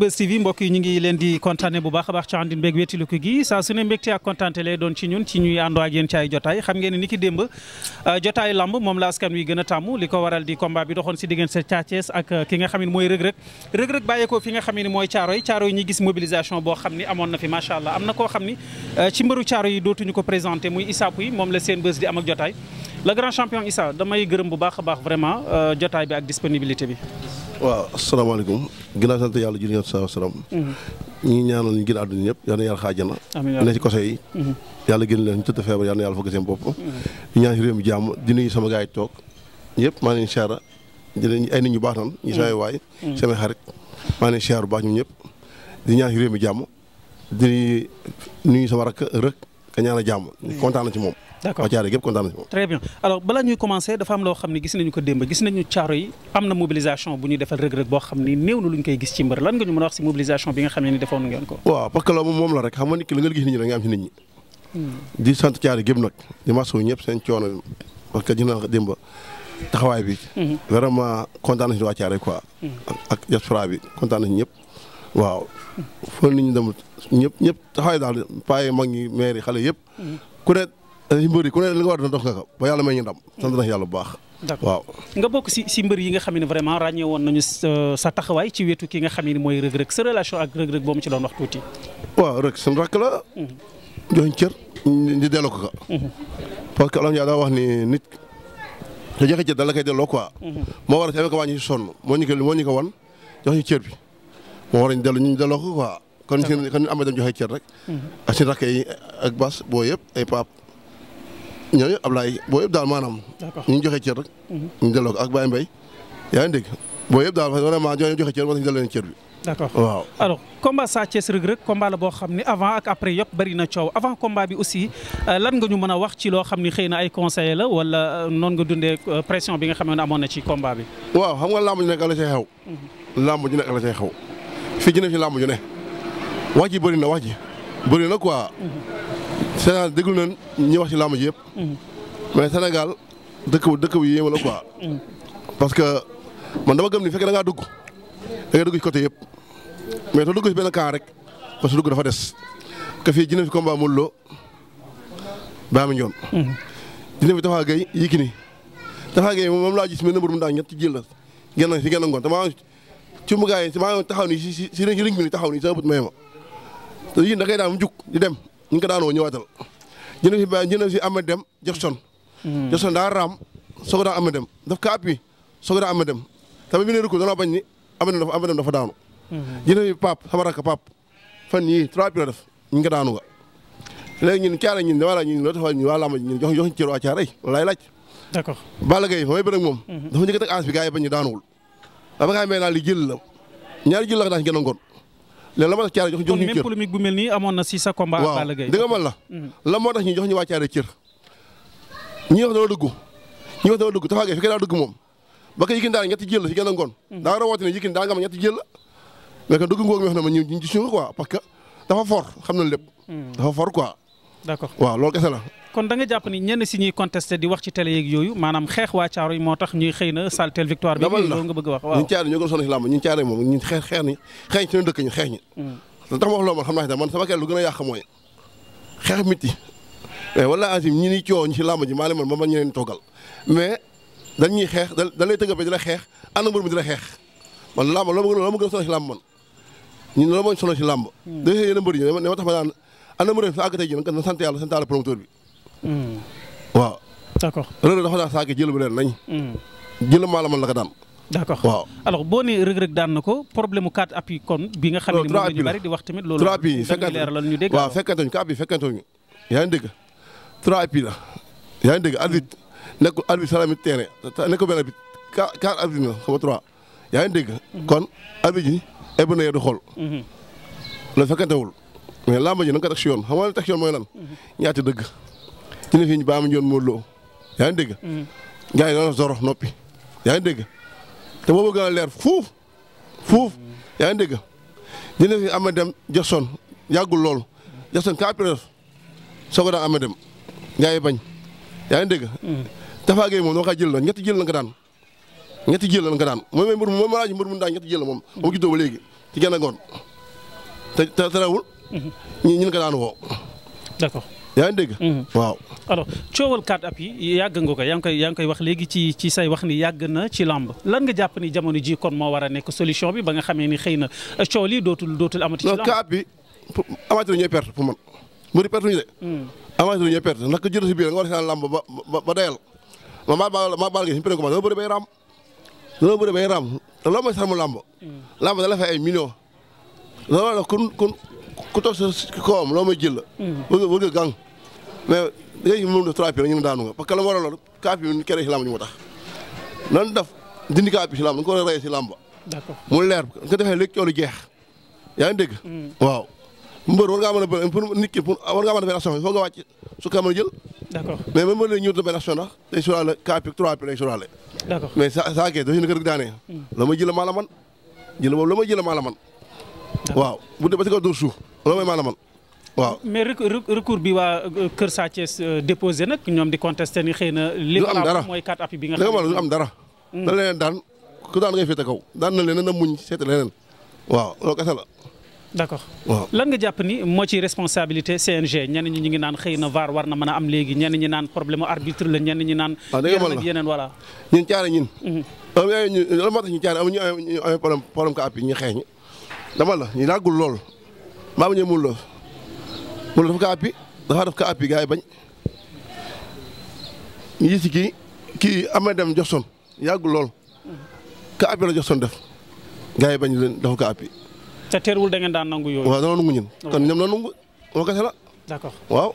Buzz TV mbokk yi ñu ngi leen di kontaane bu baax a baax ci àndin beeg wéetiluko gi saa su ne mbégte ak kontaante lay doon ci ñun ci ñuy àndoo ak yéen ci ay jotaay xam ngeen ne ni ki démb euh, jotaay lamb moom la askan wi gën a li ko waral di combat bi doxoon si diggante Sa Thiès ak euh, ki nga xam ne mooy rëg-rëg rëg-rëg bàyyeekoo fi nga xam ne mooy caaro yi caaro yi ñu gis mobilisation boo xam ni amoon na fi macha allah am na koo xam ni euh, ci mbëru caaro yi dootuñu ko présenté muy Issa Pouye moom la seen bës di am ak jotaay le grand champion Issa damay gërëm bu baax a baax vraiment jotaay bi ak disponibilité bi waaw asalaamaaleykum ginnaaw sant yàlla jur ngeen saa salaam ñi ñaanal ñu gën àdduna ñëpp yal na yàlla xaajana ne ci kose yi mhm. yàlla gën leen ñu tëdd feebar yàlla fagg seen bopp ñu mhm. ñaan si réew mi jàmm di nuyu sama gars yi toog ñëpp maa leen siyaara di leen ay nit ñu baax nan ñu mhm. samay waay samay xarit maa leen siyaar bu baax ñun ñëpp di ñaan si réew mi jàmm di nuyu sama rakk rëkk ka ñaan a jàmm kontaan na moom d'accord Thiaroye gépp kontaan nañu très bien alors balaa ñuy commencer dafa am loo xam ne gis nañu ko démb gis nañu Thiaroye yi am na mobilisation bu ñu defal rëg-rëg boo xam ni néew na lu ñu koy gis ci mbër lan nga ñu mën a wax si mobilisation bi nga xam ne ni defoon ngeen ko waaw parce que moom la rek xam nga nit da nga am ci nit ñi ko hmm. démb taxawaay bi hmm. vraiment hmm. ak diaspora bi kontaan nañu ñëpp waaw fële nit ñi dem ñëpp ñëpp taxawaay daal paa mag ñi maire xale yëpp dañuy eh, mbër yi ku ne li nga war a dox nga ko ba yàlla may ñu ndam sant eh. nañu yàlla nga bokk si si mbër yi nga xam ne vraiment ràññee woon nañu eh, sa taxawaay ci wetu ki nga xam ne mooy rëg-rëg sa relation ak rëg-rëg boo mu ci doon wax tuuti. waaw rëg suñu la. Mm-hmm. jox cër ñu delloo ko ka mm-hmm. parce que alam yaa daa wax ni nit te joxe cër dala koy mm-hmm. moo war a ko waa ñu sonn moo ñu ko moo ñu ko wan jox ñu cër bi moo war a ñu delloo ko quoi. kon si kon amee dem joxe cër rek. ak si rakk yi ak bas boo yëpp ay paap ñooñu Ablaye boo yëpp daal maanaam. ñu joxe cër rek. Mhm. ñu delloo ak Baye Mbaye yaa ngi dégg boo yëpp daal vraiment ñooñu joxe cër moo tax ñu delloo leen cër bi. Sa Thiès la boo xam ne avant ak après yëpp bari na coow avant combat bi aussi euh, lan nga ñu mën a wax ci loo xam ni xëy na ay conseil la wala euh, noonu nga dundee euh, pression bi nga xam ne amoon na ci combat bi. waaw xam nga làmb ju nekk la cay xew. Mhm. làmb ju nekk la cay fii ci ne fi làmb ju ne wax ji bëri na wax ji bëri Sénégal déglu nañ ñi wax ci ji yëpp. Mm-hmm. mais senegal dëkk bu dëkk bu yéeme la quoi. Mm-hmm. parce que man dama gëm ni fekk da ngaa dugg da nga dugg ci côté yëpp mais soo dugg benn camp rek parce que dugg dafa des. que fii dina fi combat Modou Lo Baye Mandione. Mm-hmm. dina fi Tapha Gueye Yékini Tapha Gueye moom laa gis mel ne mbir mu daan ñett ci jël la genn si genn ngoon te maa ci mu gars yi maa ngi taxaw nii si si ring bi nii taxaw nii sa ma te yéen da ngay daan mu jug di dem. ñu ko daanoo ñëwaatal ñu ne fi ba ñu ne dem Ameth Dème Jackson. Hmm. Jackson daa raam soog a daan Ameth Dème daf ko appui soog a daan Ameth Dème tamit bi ne rek danoo bañ ni Ameth Dème dafa Ameth Dème dafa daanu. Hmm. ñu ne fi Pape sama rakk Pape fan yii trois pieds def ñu ko daanu nga. léegi ñun caare ñun wala ñun loo taxawal ñun waa làmb ñun jox jox ñu cër waa caare laay laaj. d'accord Balla Gaye fa may bëre ak moom. Hmm. dafa njëkk a teg aas bi gars yi bañ ñu daanuwul. dafa ngaa mel naa li jël la ñaari jël la ko daan si ngoon léegi la moo tax caare jox jox ñu cër nii amoon na si sa waaw dëgg man la. Mm. la moo tax ñu jox ñu waa caare cër. ñi wax dana dugg ñi wax dana dugg Tapha Gueye fi kay daa dugg moom ba ko Yékini daan jël la si genn ngoon. Mm. daa rawati ne Yékini daa nga am ñetti jël la mais que dugg ngoog na ma ñu ñu gis ñu ko quoi parce que dafa fort xam na lépp. Mm. dafa fort quoi. d'accord waaw loolu kese la. kon da nga jàpp ni ñenn si ñuy contesté di wax ci télé yeeg yooyu maanaam xeex waa caaro yi moo tax ñuy xëy na saltel victoire bi loolu nga bëgg wax waaw ñun caaro ñoo gën a sonn si làmb ñun caaro moom ñun xeex xeex ni xeex ñi suñu dëkk ñu xeex ñi mm. tax ma wax loolu man xam naa man sama kër a xeex miti eh, wala asim ñi ni coow xeex dañ lay tëgg la xeex mbër mi di la xeex man làmb loolu ma loolu ma gën a sonal si làmb man ñun loolu moo sonal si làmb mm. da yéen a mbër yi ne ma tax ma naan ànd mbër sa àgg tey ji nag na sant yàlla sant yàlla promoteur bi waaw. d'accord Reug Reug dafa daa saake jël bu leen nañ. Hmm. jël maalamal la ko daan. d'accord waaw alors boo nee Reug daan na ko problème mu 4 kon bi nga xam ne moom la ñu bari di wax tamit. loolu 3 appuis fekkante ñu dégg waaw fekkante ñu 4 appuis fekkante ñu. yaa ngi dégg 3 appuis la yaa ngi dégg arbitre nekkul arbitre salamit terrain nekkul benn arbitre 4 yaa ngi dégg. Hmm. kon arbitre ji ebb na du xool. Hmm. loolu fekkantewul mais làmb ji na nga ko si yoon xam nga li teg mooy lan ñaata dëgg. ñu ne baa ma ñoon Modou Lo yaa ngi dégg. Mm. gars yi noonu noppi yaa ngi dégg te boobu gën a leer fuuf fuuf yaa ngi dégg ñu ne fii ama dem Jackson yàggul loolu Jackson ka après soog daan ama dem gars bañ yaa ngi dégg. Mm. Tafa Gueye moom noo kaa jël na ñetti jël na nga daan ñetti jël la nga daan mooy mooy mu daan ñetti jël la moom. moom juddoo ba léegi ci genn ngoon te te terewul. ñu mm-hmm. ñu nga daan woo. yaa ngi dégg. Mhm. waaw alors coowal quatre appuis yàgg nga ko yaa ngi koy yaa ngi wax léegi ci ci say wax ni yàgg na ci làmb lan nga jàpp ni jamono ji kon moo war a nekk solution bi ba nga xamee ni xëy na euh, coow lii dootul dootul amati. ci làmb non quatre appuis amatul ñooy perte pour man mu di perte ñu de. Hmm. amatul ñooy perte naka jël si biir nga war a seetaan làmb ba ba ba dayal ma maa baal maa baal ngeen si ñu pare commencé loolu bëri bay raam loolu bëri bay raam te loolu mooy sàrmu làmb. Hmm. làmb da la fay ay millions loolu la kun kun ku toog sa kawam loo may jël. mais léegi moom def trois pieds ñu daanu la ma war a loolu kaaf yi kere si nan def dindi kaaf bi si làmb dañ ko si làmb mu leer nga defee léegi coono jeex yaa ngi dégg mm. waaw mbër war ngaa mën a bëri pour nit ki pour war ngaa mën a benn action foo nga wàcc su ko mën a jël d'accord mais même da benn action ndax day sóoraale kaaf bi trois pieds lay sóoraale d'accord mais sa saa kee dafa ñu kër daanee mm. la ma jël la man jël boobu la ma jël maa la man waaw bu dee ba si kaw dóor suuf la waaw mais recours bi waa euh, Kër Sa euh, déposé nag ñoom di contesté ni xëy na. li am dara mooy carte appui bi nga xam ne am dara. Hmm. da leneen kaw daan na leneen a muñ seet leneen waaw loolu kese la. accord waaw lan nga jàpp ni moo ci responsabilité CNG ñenn ñi ñu ngi naan xëy na VAR war na mën a am léegi ñenn ñi naan problème arbitre la ñenn ñi naan. waaw ah, da yeneen voilà. ñun caare hmm. ñu lan ñu caare amuñu ñu amee problème problème ko appui ñu xeeñ dama la ñu laagul lool maa ngi wala dafa ko àppi dafa daf ko àppi gars yi bañ yi si kii kii amee dem jox son yàgg lool ka àppi la jox son def gars yi bañ leen dafa ko àppi. te teerwul da ngeen daan nangu yooyu. waaw dana nangu ñun kon ñoom dana nangu moo kese la. d'accord waaw.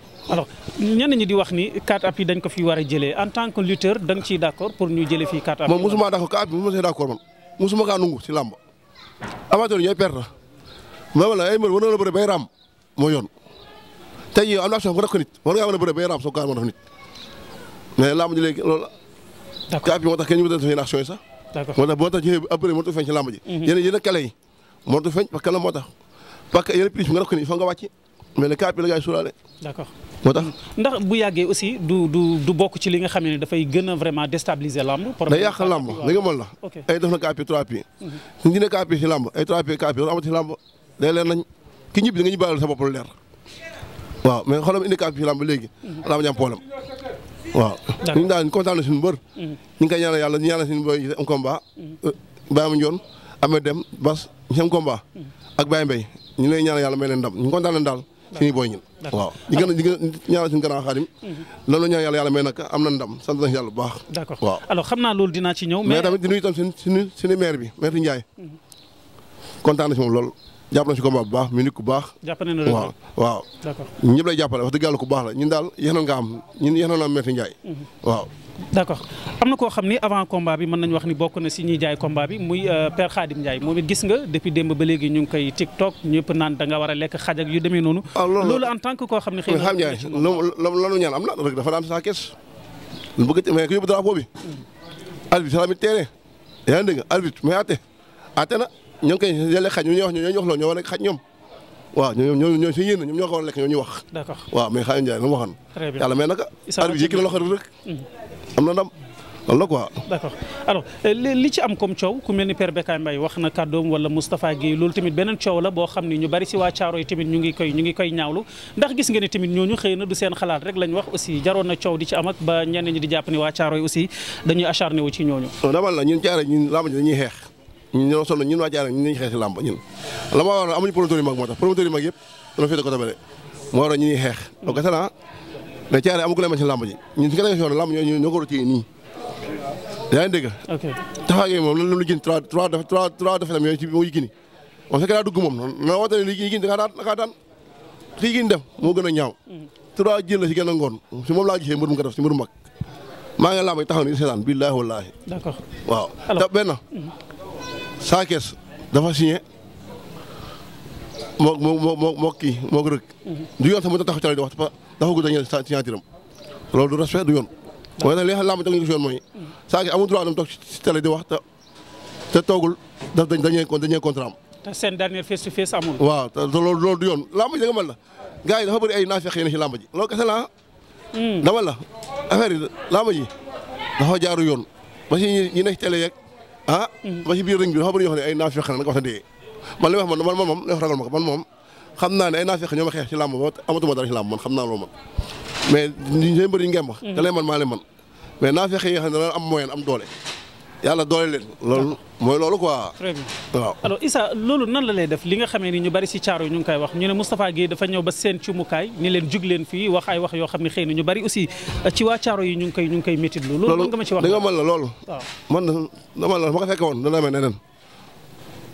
ñenn ñi di wax ni quatre appuis dañ ko fi war a jëlee en tant que lutteur da nga ciy d'accord pour ñu jële fii quatre appuis. moom mosuma d'accord quatre appuis mosuma see d'accord man mosuma kaa nangu si làmb amateur ñooy perte ma la ay mbër war moo yoon. te jii am naa chance nga a bëre bay raam soo ko mën a boo tax ci après mënatu feeñ ci mhm. nga mm. bu yàggee aussi du du du bokk ci li nga xam ne dafay gën a vraiment déstabiliser làmb. problème day yàq làmb li nga la. ok ay def na cas bi trois pieds. Mhm. ñu ne cas làmb ay trois pieds loolu amati ci làmb day leer nañ ki ñibbi nga ñibbaale sa bopp leer waaw mais xoolal handicap bi ci làmb léegi. laa ma ñu am problème waaw. ñu daal kontaan na suñu mbër. Mm-hmm. ñu ngi koy ñaanal yàlla ñu ñaanal suñu mbër yi am combat. Mm-hmm. Euh, Baye Mandione Ameth Deme Bas ñu am combat. Mm-hmm. ak Baye Mbaye ñu lay ñaanal yàlla may leen ndam ñu kontaan leen daal. booy ñun. waaw ñu gën a ñu a ñaanal suñu gànnaaw xaadim. loolu la ñu ñaan yàlla yàlla may nag am na ndam sant nañu yàlla bu baax. d' accord waaw alors xam naa loolu dinaa ci ñëw. mais tamit di nuyu itam suñu suñu suñu maire bi maire Ndiaye. kontaan na si moom loolu jàpp na si combat bu baax mu nit ku baax. jàpp nañ la waaw waaw. d'accord ñëpp lay jàppale wax dëgg ku baax la ñun daal yéen nga am ñun yéen a am Maître Ndiaye. Mhm. waaw. d'accord am na koo xam ni avant combat bi mën nañu wax ni bokk na si ñu jaay combat bi muy euh, Père Khadim Ndiaye moom it gis nga depuis démb ba léegi ñu ngi koy TikTok ñëpp naan da war a lekk xaj ak yu demee noonu. Ah, loolu en tant que koo xam ne xëy na. xam Ndiaye loolu ñaan am na rek dafa daan saa kees. lu bëgg a ñoo ngi koy yàlla xaj ñu ñuy wax ñoo ñu wax loolu ñoo war a xaj ñoom waaw ñoo ñoo ñoo si yéen ñoom ñoo ko war a lekk ñoo ñuy wax. d'accord waaw mais rek. Mm-hmm. am na ndam loolu euh, li ci am comme coow ku mel ni Père Bécaye Mbaye wax na kàddoom wala Moustapha gi loolu tamit beneen coow la boo xam ni ñu bari si waa Caaro yi tamit ñu ngi koy ñu ngi koy ñaawlu ndax gis nga ni tamit ñooñu xëy na du seen xalaat rek lañu wax aussi jaroon na coow di ci am ak ba ñenn ñi di jàpp ni waa Caaro yi aussi dañuy acharné wu ci ñooñu. non damaa la ñun Caaro ñun làmb ji dañuy xeex ñoo sonn ñun waa Thiaré ñun ñu xeex si làmb ñun la ma waroon amuñu promoteur yu mag moo tax promoteur yu mag yëpp dama féete côté bële moo waroon ñu ñuy xeex donc gase naa ah, mais Thiaré amagu la mel si làmb ji ñun si nga yoon làmb ñoo ñoo ko rëcc nii yaa ngi dégg Tapha Gueye moom lu gën trois trois trois trois defetam yooyu ci moo Yékini moom fekk daa dugg moom na woote ne Yékini da daan da daan si Yékini def moo gën a ñaaw mm. trois jël la si gën a ngoon si moom laa gisee mbër mu ko def si mbër mu mag maa ngi làmb ji taxaw ni seetaan billaahi wallaahi d'accord waaw benn mm. Sa Thiès dafa signé moo moo moo moo kii moo ko rëkk. du yoon sax mu taxaw ci di a ñëw signature am loolu du respect du yoon. mooy nag li nga xam ne làmb ñu ko si yoon di wax te te toogul daf dañ dañuy dañuy contrat am. te seen dernier face to face amul. waaw te loolu loolu du yoon làmb ji da nga la gars yi dafa bëri ay naafeq yi ne si làmb ji loolu kese la ah. hmm. dama la affaire yi làmb ji dafa jaaru yoon ba si ñi nekk ci télé yeeg ah ba ci biir rëñ bi dafa bëri yoo xam ay naafeq na nga wax dee man li wax man man moom li wax ragal ma ko man moom xam naa ne ay naafeq ñoo ma xeex ci làmb ba amatuma dara ci làmb man xam naa loolu man mais ñi seen bëri ngemb mm-hmm. te lay man maa man mais naafeq yi nga xam am moyen am doole yàlla doole leen. loolu mooy loolu ko très waaw alors Issa loolu nan la lay def li nga xamee ni ñu bari si caaro ñu ngi koy wax ñu ne Moustapha Guèye dafa ñëw ba seen ci mukaay ni leen jug leen fii wax ay wax yoo xam ne xëy na ñu bari aussi euh, ci waa caaro yi ñu ngi koy ñu ngi koy métti loolu. loolu nga ma ci wax loolu da nga mën la loolu. man dama la ma ko fekke woon dana mel neneen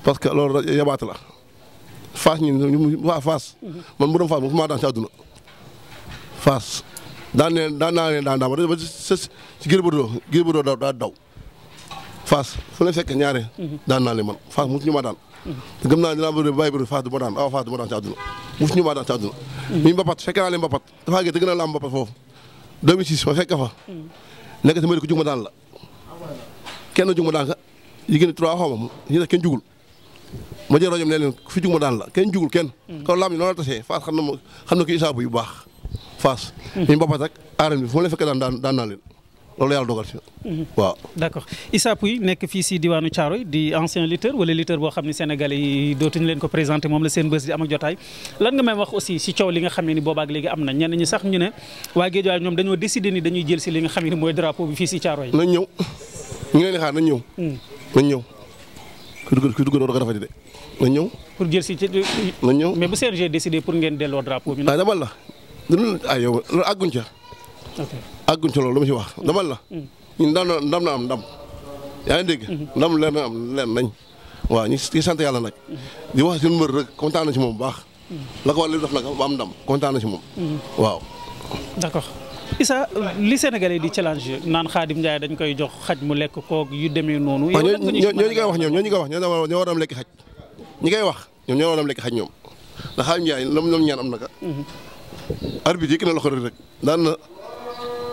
parce que loolu yabaat la Fass ñun ñu waa Fass. Mhm. man mu doon Fass mosuma daan ci àdduna Fass daan ne daan naa ne daan daan ba ci gërëm a doon gërëm a doon daw Fass fu ne fekk ñaare. daan naa leen man Fass mosu ñu maa daan. te gëm naa dinaa bëri bàyyi bëri Fass du ma daan awa Fass du ma daan ci àdduna mosu ñu maa daan ci àdduna. muy Mbapat fekk naa leen Mbapat dafaa gën te gën a laam Mbapat foofu 2006 ma fekk fa. nekk ci mbir ku ka yi gën a trois xaw ma ñu ne kenn jugul ma jël rajo bi ne leen fi jug ma daan la kenn jugul kenn. kon laam yi noonu la tasee Fass xam na ma isaabu baax Fass. Hmm. muy Mbapat ak arène fu leen fekk daan daan naa leen loolu yàlla dogal si mhm. waaw. d' accord Issa nekk fii si diwaanu caaro Thiaroye di ancien lutteur wala lutteur boo xam ne Sénégalais yi dootuñu leen ko présenté moom la seen bés di am ak jotaay lan nga may wax aussi si coow li nga xam ne ni boobaak léegi am na ñenn ñi sax ñu ne waa Guédiawaye ñoom décidé ni dañuy jël si nga xam ne mooy drapeau bi fii si Thiaroye. nañ ñëw ñu ngi leen di xaar nañ ñëw. Hmm. ñëw ku dugg ku dugg doo ko rafetlu de nañ ñëw. pour jël si ci nañ ñëw mais bu CNG décidé pour ngeen delloo drapeau bi. ah d àgguñ ci loolu ma ci wax mm. dama la. Mm. ñun ndam na ndam na am ndam. yaa ngi dégg. Mm-hmm. ndam leer na am leer nañ. waaw ñu ngi sant yàlla nag. Mm-hmm. di wax suñu mbër rek kontaan si ci moom bu baax. Mm-hmm. la ko war li def nag ba am ndam kontaan si moom. waaw. d'accord Issa li Sénégalais di challenge naan Khadim Ndiaye dañ koy jox xaj mu lekk koog yu demee noonu. yow lan ñoo ñoo ñi koy wax ñoom ñoo ñi koy wax ñoo war a am lekk xaj. ñi koy wax ñoom ñoo war a am lekk xaj ñoom ndax Khadim Ndiaye lam lam ñaan am na ka. arbitre yëkk na loxo rek daan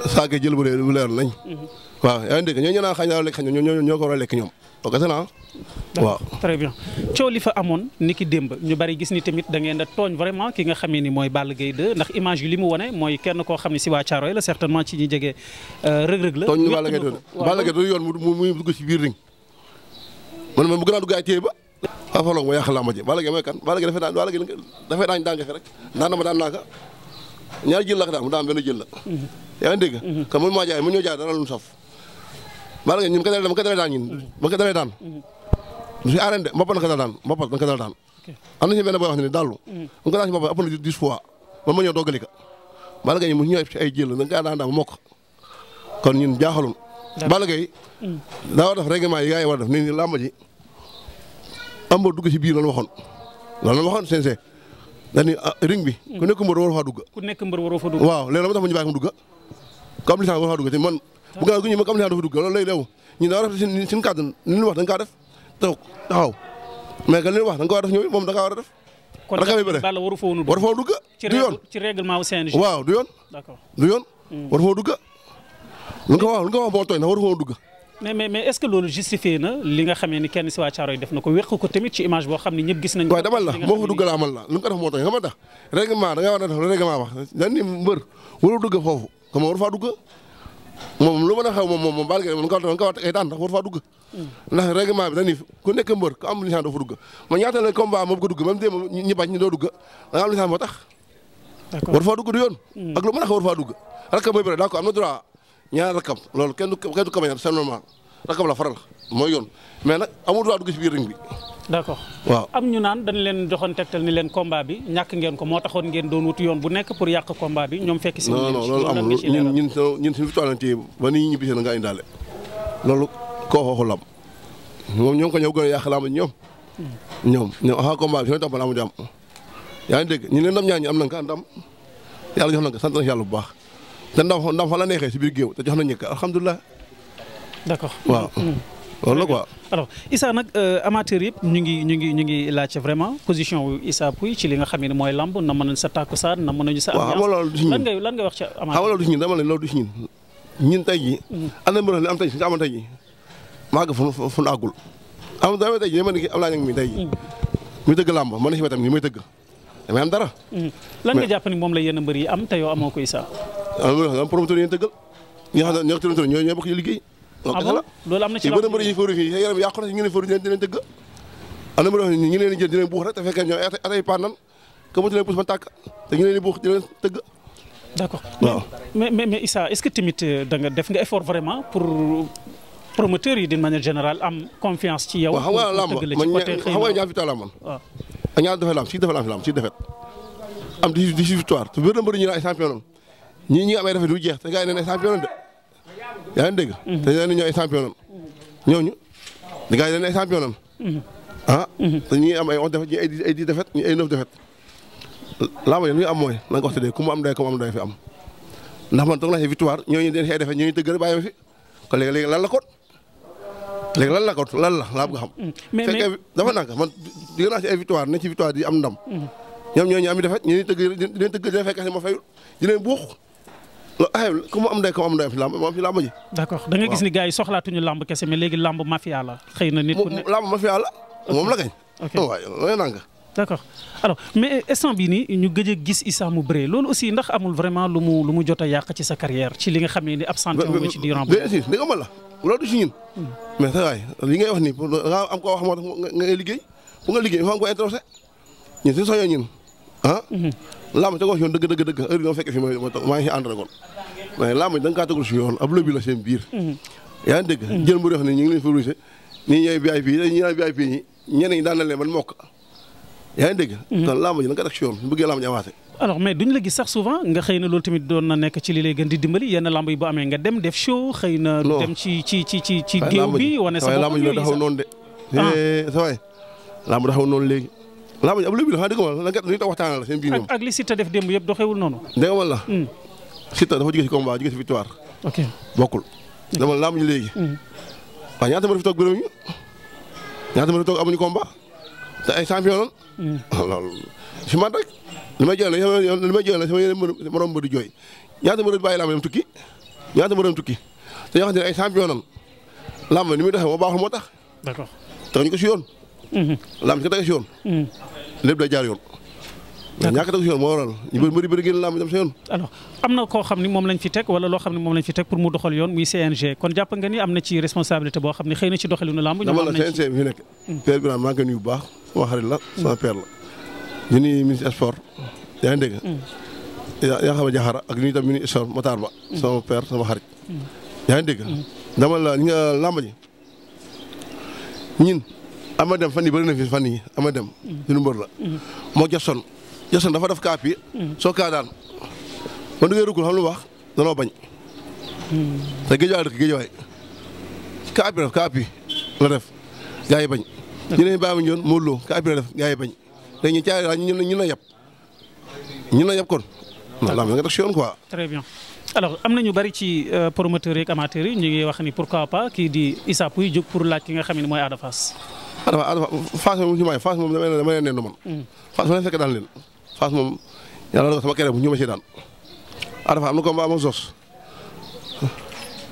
saako jël bu dee bu leer nañ. Mhm. waaw yaa ngi dégg ñoo ñu naan xañ naa lekk xañ ñoo ñoo ko war a lekk ñoom ok c'est ça waaw très bien coow li fa amoon ni ki démb ñu bari gis ni tamit da ngeen da tooñ vraiment ki nga xamee ni mooy Balla Gaye 2 ndax image yi li mu wone mooy kenn koo xam ne si waa Thiaroye la certainement ci ñi jege euh, rëg-rëg la. tooñ Balla Gaye 2 Balla Gaye 2 yoon mu dugg ci biir ring man man bu gën a dugg ay téye ba. waaw faloog ma yàq ma ji Balla Gaye mooy kan Balla Gaye dafay daan Balla Gaye dafay daan daan rek daan na ma daan naa ka ñaari jël la ko daan mu daan jël la mhm. yaa ngi dégg. Mhm. kon man maa jaay man ñoo jaay dara lu mu saf. maa ngi leen ñun ka daan ma ka daan daan ñun. ma ka daan daan. Mhm. monsieur Arène de Mbappé na na ka daan daan. am na ci benn booy ne Dallou. mu mhm. ko daan si Mbappé ëpp na dix fois man ma ñëw mu ka. ci ay jël da nga daan daan mokk kon ñun jaaxalul. Balla daa war def règlement yi gaa yi war def ni ni ji am dugg ci biir loolu waxoon loolu waxoon sensé dañuy ah, ring bi ku nekk mbër waroo dugg ku nekk mbër waroo faa dugg waaw léegi la ma tax ma ñu bàyyi mu dugg ku am licence war faa dugg te man bu gaaw gi ñu ma ku am licence dafa dugg loolu lay leew ñu daa rafet seen seen kàddu li ñu wax da nga kaa def taw taxaw mais que li ñu wax war a def ñoom moom da war a def kon Balla waru foo dugg waru foo yoon ci règlement waaw du yoon d'accord du yoon hmm. waru foo dugg lu nga wax lu nga wax boo tooñ na nga xamee ni kenn si waa Caaroy def xam ne ñëpp gis nañ waaw demal la moo ko war a def foofu kon moom war faa dugg moom lu mën a xaw moom moom moom Balla Gaye moom nga ko war a ay daan ndax war faa dugg. bi dañuy ku nekk mbër ku am licence doo fa dugg ma ñaata la combat moom ko dugg même démb ñi bañ ñi doo dugg da nga am licence moo tax. war faa dugg du yoon. Hmm. ak lu mën a war faa dugg. rakkam mooy loolu kenn du kenn du ko bañal c'est normal rakkam yoon mais nag amul droit dugg biir ring bi d'accord waaw am ñu naan dañ leen joxoon tegtal ni leen combat bi ñàkk ngeen ko moo taxoon ngeen doon wut yoon bu nekk pour yàq combat bi ñoom fekk si non non loolu amul ñun ñun ñun suñu victoire ba ni ñu bisee na loolu koo xooxu lam moom ñoom ko ñëw gën a yàq lam hmm. ñoom ñoom ñoom aha combat bi soo topp laamu jàmm yaa ngi dégg ñu ne ndam ñaan ñi am nañ ko ndam yàlla jox nañ ko sant nañ yàlla bu baax te ndam ndam fa la neexee si biir géew te jox na ñëkk alhamdulilah d'accord waaw hmm. loolu la quoi. alors Issa nag euh, amateur yëpp ñu ngi ñu ngi ñu ngi laajte vraiment position wu Issa Pouye ci li nga xam ne mooy lamb na mën nañ sa takkusaan na mën sa. waaw xam loolu du si ñun lan ngay lan ngay wax ci amateur. xam nga loolu du si ñun dama ne si ñun ñun tey jii. am mm. na mbir li am tey si amoon tey jii mu àggul. am na tey jii dama ne kii Ablaye Niang mi tey mm. mm. jàpp ni moom la yenn mbër yi am te yow ko Issa. am ah, na promoteur yi tëggal ñoo xam ne ñoo xam ne liggéey ah loolu am na ci la bëri ñu fóoru fii yaram yàqu na ñu leen fóoru ñu leen tëgg am na bëri ñu ngi jël di buux rek te fekkee ñoom atay pànnan que mu ci leen pousse ba te ñu leen buux di tëgg d'accord mais mais mais Issa est-ce que tamit euh, da nga def nga effort vraiment pour promoteur yi d'une manière am confiance ci yow. xam nga làmb man xam nga ñaar victoire laa man. waaw ak ñaar dafa làmb si victoire te wér na ñu naan ay ñi nga am yaa ngi dégg. te ñooñu ñooy ay champion am. ñooñu gars yi dañu ay champion am. ah. te ñii am ay onze défaite ñii ay dix ay dix défaite ñii ay neuf défaite. laama yéen ñu am mooy na nga ko wax ku mu am day ku mu am day fi am ndax man toog naa si victoire ñooñu dañu see defee ñooñu tëggal bàyyi ma fi kon léegi léegi lan la kon la kon lan la laa a xam. Mm. mais dafa naka man digg naa si ay victoire ne ci victoire di am ndam. Mm. ñoom ñooñu am i defet ñu ngi tëgg di tëgg di leen fekk si ma fayul di leen buux aywa ku mu am ndey ku mu am ndey am ci làmb mu am ci làmb ji. d'accord da nga gis ni gars yi soxlaatuñu làmb kese mais léegi làmb mafia la xëy na nit ku ne làmb mafia la moom la gañ. ok oh, waaye nanga d'accord alors mais instant bii nii ñu gëj a gis Issa mu bëree loolu aussi ndax amul vraiment lu mu lu mu jot a yàq ci sa carrière ci li nga xam ne ni absenté wu nga ci durant. bien sûr dégg nga man la loolu du si ñun. Hmm. mais sa waay li ngay wax nii pour am koo wax moo tax nga liggéey pour nga liggéey il faut nga ko introsé ñun suñu soxla ñun ah. Hmm. làmb tegoo si yoon dëgg dëgg dëgg heure bi ma fekkee fi ma maa ngi si ànd ragoon mais làmb da nga kaa tegul si yoon ab lëbi la seen biir mhm. yaa ngi dégg mhm. jël mbir yoo xam ne ñu daan na leen man mokk yaa mhm. nga kaa si yoon bu bëggee làmb ji avancé alors mais duñ la gis sax souvent nga xëy na loolu tamit doon na nekk ci li lay gën di dimbali yenn lamb yi bu amee nga dem def show xëy na dem ci ci ci ci ci géew bi wane sa bopp yooyu sax lamb ji daxaw noonu de ah. eh, sa waay lamb léegi laa ma ñu am lu muy xanaa dëgg ma la lu ñu tax waxtaanal la seen biir ñoom. ak li Siteu def démb yëpp doxewul noonu. dégg nga man la. Hmm. Siteu dafa jóge si combat jóge si victoire. ok bokkul. ma ñu léegi. Hmm. waaw ñaata ma def toog gërëm ñu ñaata te ay champion hmm. si man rek li may jooy la li may jooy la sama yeneen morom ba di jooy ñaata ma a bàyyi laa ma dem tukki ñaata ma doon tukki te ay champion lañ laa ma ni muy doxee moo moo tax. d'accord te ko si yoon. laa ma si ko yoon. lépp day jaar yoon. d' accord ñàkk teg si yoon moo waral ñu bëri bëri génn làmb dem sa yoon. alors am na koo xam ni moom lañ fi teg wala loo xam ni moom lañ fi teg pour mu doxal yoon muy CNG kon jàpp am na ci responsabilité boo xam ni xëy na ci doxalinu làmb. ñu am nañ ci bi fi nekk. Hmm. nuyu baax sama xarit la sama hmm. père la. ñu nuyu ministre sport yaa ngi dégg. Hmm. yaa xam ne jaxara ak ñu tam ministre sport Matar Ba. sama père sama xarit. yaa ngi dégg. dama la ñu nga làmb ama dem fan yi bëri na fi fan yi ama dem suñu mbër la mm-hmm. moo Jackson Jackson dafa def ka yi mm-hmm. soo kaa daan ba duggee rukkul xam lu wax danoo bañ mm-hmm. te géejawaay dëkk géejawaay kaap yi def kaap yi la def gaa yi bañ ñu ne bàyyi ma ñoon moo loo kaap yi la def gaa yi bañ léegi ñu caay ñu ñu na yab ñu na yab kon laam la nga def si yoon quoi très bien am na ñu bari ci euh, promoteurs yeeg amateurs yi ñu ngi wax ni pourquoi pas kii di Issa Pouye jóg pour laaj ki nga xam ne mooy Ada Fass Ada Ada Fass moom ci may Fass moom damay damay leen man. Mm. Fass ma leen fekk daan leen Fass moom yàlla na ko sama kere bu ñu ma ci daan. Ada Fass am na combat amoo sos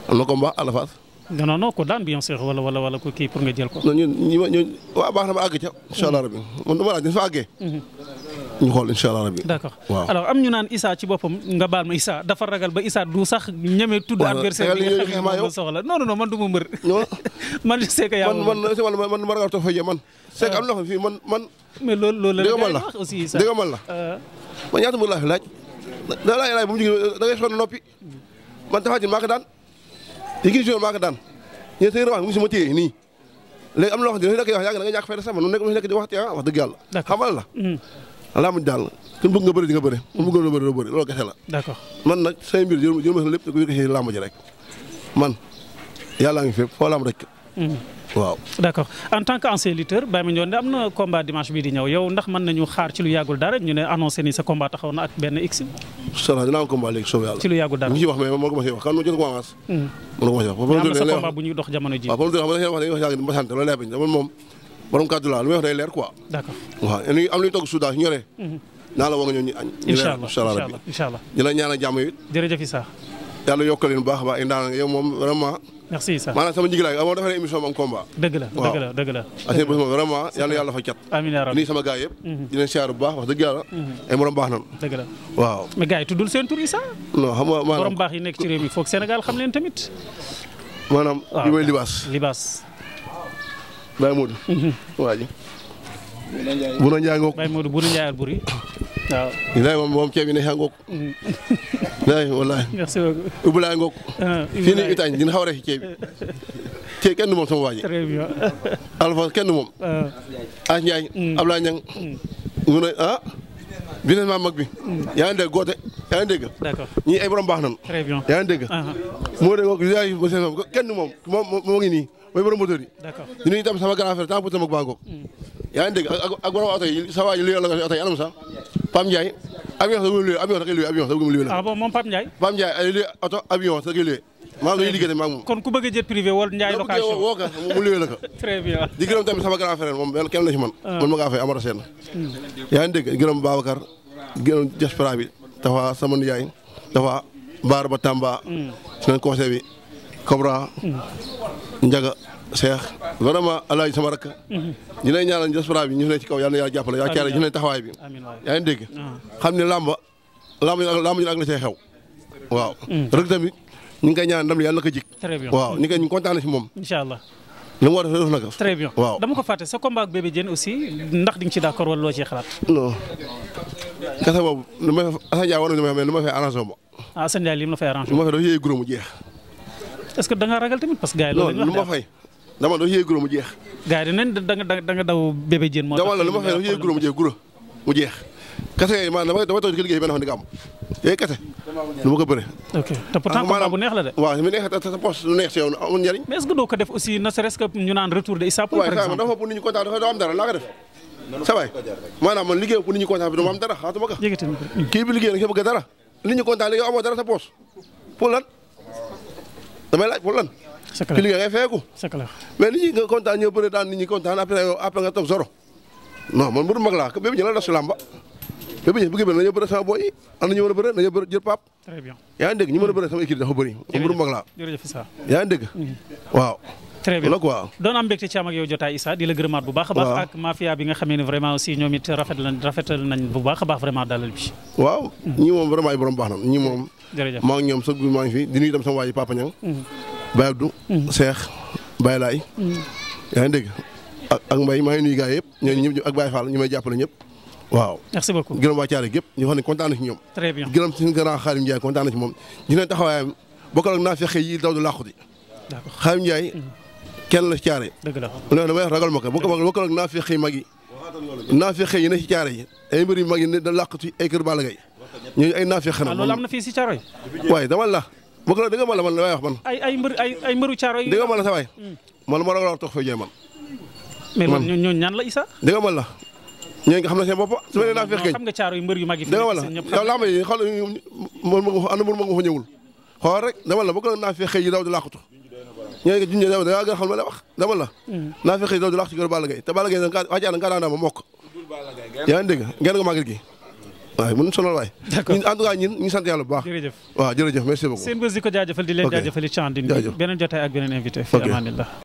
am na daan bi Seex wala wala wala ko kii pour nga jël ko. non ñun ñi ma na ma àgg ca. rabi mm. man du ma laaj dañ ñu xool incha allah rabi. d'accord waaw alors am ñu naan Issa ci boppam nga baal ma Issa dafa ragal ba Issa du sax ñeme tudd adversaire bi nga xam ne moom soxla non non man du ma mbër. man je sais que yaa man man man ma ragal toog fa man. Euh. c'est que am na fii man man. mais loolu loolu la la wax aussi Issa dégg man la euh. man ñaata mbër laa fi laaj. da a laaj bu mu jógee da ngay sonn noppi man Tapha Tine maa ko daan Yékini Junior maa ko daan ñeent seen revanche mu si ma téye nii léegi am na loo xam da ngay wax yàgg da nga ñàkk a sama nu alaamuñ daal kun bëgg nga bëri di nga bëri mu bëgg nga bëri doo bëri loolu kese la d'accord man nag say mbir jël jël ma lépp ko yëkkati ci làmb ji rek man yàllaa ngi fépp foo làmb rek waaw d'accord en tant que ancien lutteur Baye Mandione am na combat dimanche bii di ñëw yow ndax mën nañu xaar ci lu yàggul dara ñu ne annoncé ni sa combat taxaw na ak benn x sala dinaa am combat léegi soob yàlla ci lu yàggul dara ñu ci wax mais moo ko ma ci wax kan moo jot ko avance moo ko ma ci wax am na sa combat bu ñuy dox jamono ji waaw comme wax dañuy wax yàgg di mbasante loolu lay bañ moom borom kàddu laa lu may wax day leer quoi. d'accord waaw am lu ñu togg soudan ñoree. Mhm. naa la woo nga ñëw ñu añ. incha allah incha allah incha allah di la ñaanal jàmm yi. jërëjëf Issa. yàlla yokkal leen bu baax a baax daanaka yow moom vraiment. dëgg la dëgg la mhm. dëgg la waaw asé ay morom baax nan dëgg la waaw. mais gars tuddul seen tur Issa. borom baax yi nekk ci réew mi foog Sénégal xam leen tamit. maanaam li may libaas libaas Baye Modou. waa ji. Bouna Ndiaye ngoog Baye Modou Bouna Ndiaye Alboury waaw. Ibrahima moom moom ceeb yi neex na ngoog. walaay walaay. merci beaucoup. Ibulaay ngoog. fii nii Itagne dina xaw a rafet ceeb bi kenn du moom sama waa ji. très bien. Alphonse kenn du moom. As Ndiaye. Ablaye Niang. mu ne ah. beneen maam mag bi. yaa ngi dégg goote yaa ngi dégg. d'accord ñii ay borom baax nañu. très bien yaa ngi dégg. moo de ngoog yaa ngi kenn du moom moom moo ngi nii. mooy borom moteur yi. d'accord ñu ne itam sama grand frère temps potam ak baagoog. Hmm. yaa ngi dégg ak ak borom oto yi sa waa ji luyoo la nga oto yi anam sax Pape Ndiaye avion sax luyoo la. ah moom Pape Ndiaye. Pape Ndiaye ay oto avion sax luyoo maa kon ku bëgg a jet privé wala Ndiaye location woo ko mu luyoo la ko. très bien di gërëm tamit sama grand frère moom benn kenn la man. Ah. man ma ngaa fay Amara Sène. Hmm. yaa ngi dégg gërëm Babacar gërëm diaspora bi dafa sama nijaay dafa baar ba Tamba. Hmm. ci nañ conseil bi Cobra. Njaga Cheikh vraiment alaaji sama rakk. Mhm. ñu lay ñaanal diaspora bi ñu ne ci kaw yàlla na yàlla jàppale. yaa ngi ñu ne taxawaay bi. yaa ngi dégg. Ah. xam ne làmba làmba làmba ñu ak la cay xew. waaw. Mm. rek tamit ñu ngi koy ñaanal ndam yàlla na ko jik. très bien waaw ñu ngi ñu kontaan si moom. incha allah. a def na ko. très ko fàtte sa combat ak bébé Diène ndax di ci d' accord wala loo ciy xalaat. boobu lu ma Assane Ndiaye waroon na ma xam ne lu ma fay arrangé wu ma. ah Assane Ndiaye li ma fay dafa yëy guro mu jeex est-ce que da nga ragal tamit parce que. gars yi loolu lu ma fay dama doon guro mu jeex. gars yi dinañ da daw bébé moo tax la lu ma fay dafa yëy guro mu jeex guro mu jeex. kese maanaam lu ma ko bëre. ok te pourtant ah, combat bu ko def aussi ne serait-ce que ñu kontaan dafa doo am dara laa ko def. sa maanaam liggéey pour nit ñi kontaan bi dama am dara sa bëgg dara lan damay laaj pour lan. c'est clair liggéey ngay feeku. c'est clair mais ñi nga kontaan daan nit ñi kontaan a yow après nga toog zoro. no man mbiru mag laa ko Bébé la rasu làmba Bébé Diène bu gëbël nañu bëre sama boy yi am na ñu mën a bëre nañu bëre jël pap très bien yaa ngi dégg ñu mën a bëre sama équipe dafa bëri mbiru mag laa jërëjëf ça yaa ngi mm-hmm. waaw très bien quoi doon am mbégte ci am ak yow jotaay di la gërëmaat bu baax a baax ak mafia bi nga xamee ne vraiment aussi ñoom it rafet lañ a baax vraiment dalal hmm. ñoom sa maa ngi fi di nuyu itam sama waa ji Papa Niang hmm. Baye Abdou hmm. Cheikh Baye Laye yaa ngi dégg ak ak Mbaye maa ngi nuyu gars yëpp ñooñu ñëpp ñu may jàppale ñëpp waaw merci beaucoup gërëm waa Thiaré gépp ñu xam ne kontaan na ci ñoom très naa fexe yi daw du làquti Xaarim Ndiaye kenn la ci caare dëgg la non damay ragal ma ko bokkal ak naafeq yi mag yi naafeq yi ne ci caare yi ay mbir yu mag yi ne da làq ci ay kër Balla Gaye ay naafeq na loolu am na fii si caare waaye dama la bokkal dëgg ma la man la wax ay ay mbër ay ay mbëru caare yi dëgg ma la sa man ma ragal toog fay jooy man mais ñooñu ñaan la Issa dëgg ma la ñooñu nga xam ne seen bopp su ma nee naafeq yi xam yu mbër yu mag yi dëgg ma la yow làmb yi xool ana mbër ma nga fa ñëwul xool rek dama la bokkal naafeq yi daw di làqatu ñooy junjee dama da nga xam la wax dama la hmm. naa du la wax ci kër te Balla Gaye da nga waajal nga daana ma mokk yaa ngi dégg ngeen nga màggal gi waaw mun sonal waay ñun en tout cas ñun ñu sant yàlla bu baax jërëjëf waaw jërëjëf merci beaucoup seen bés di ko jaajëfal di leen jaajëfali ci andin beneen ak beneen invité fi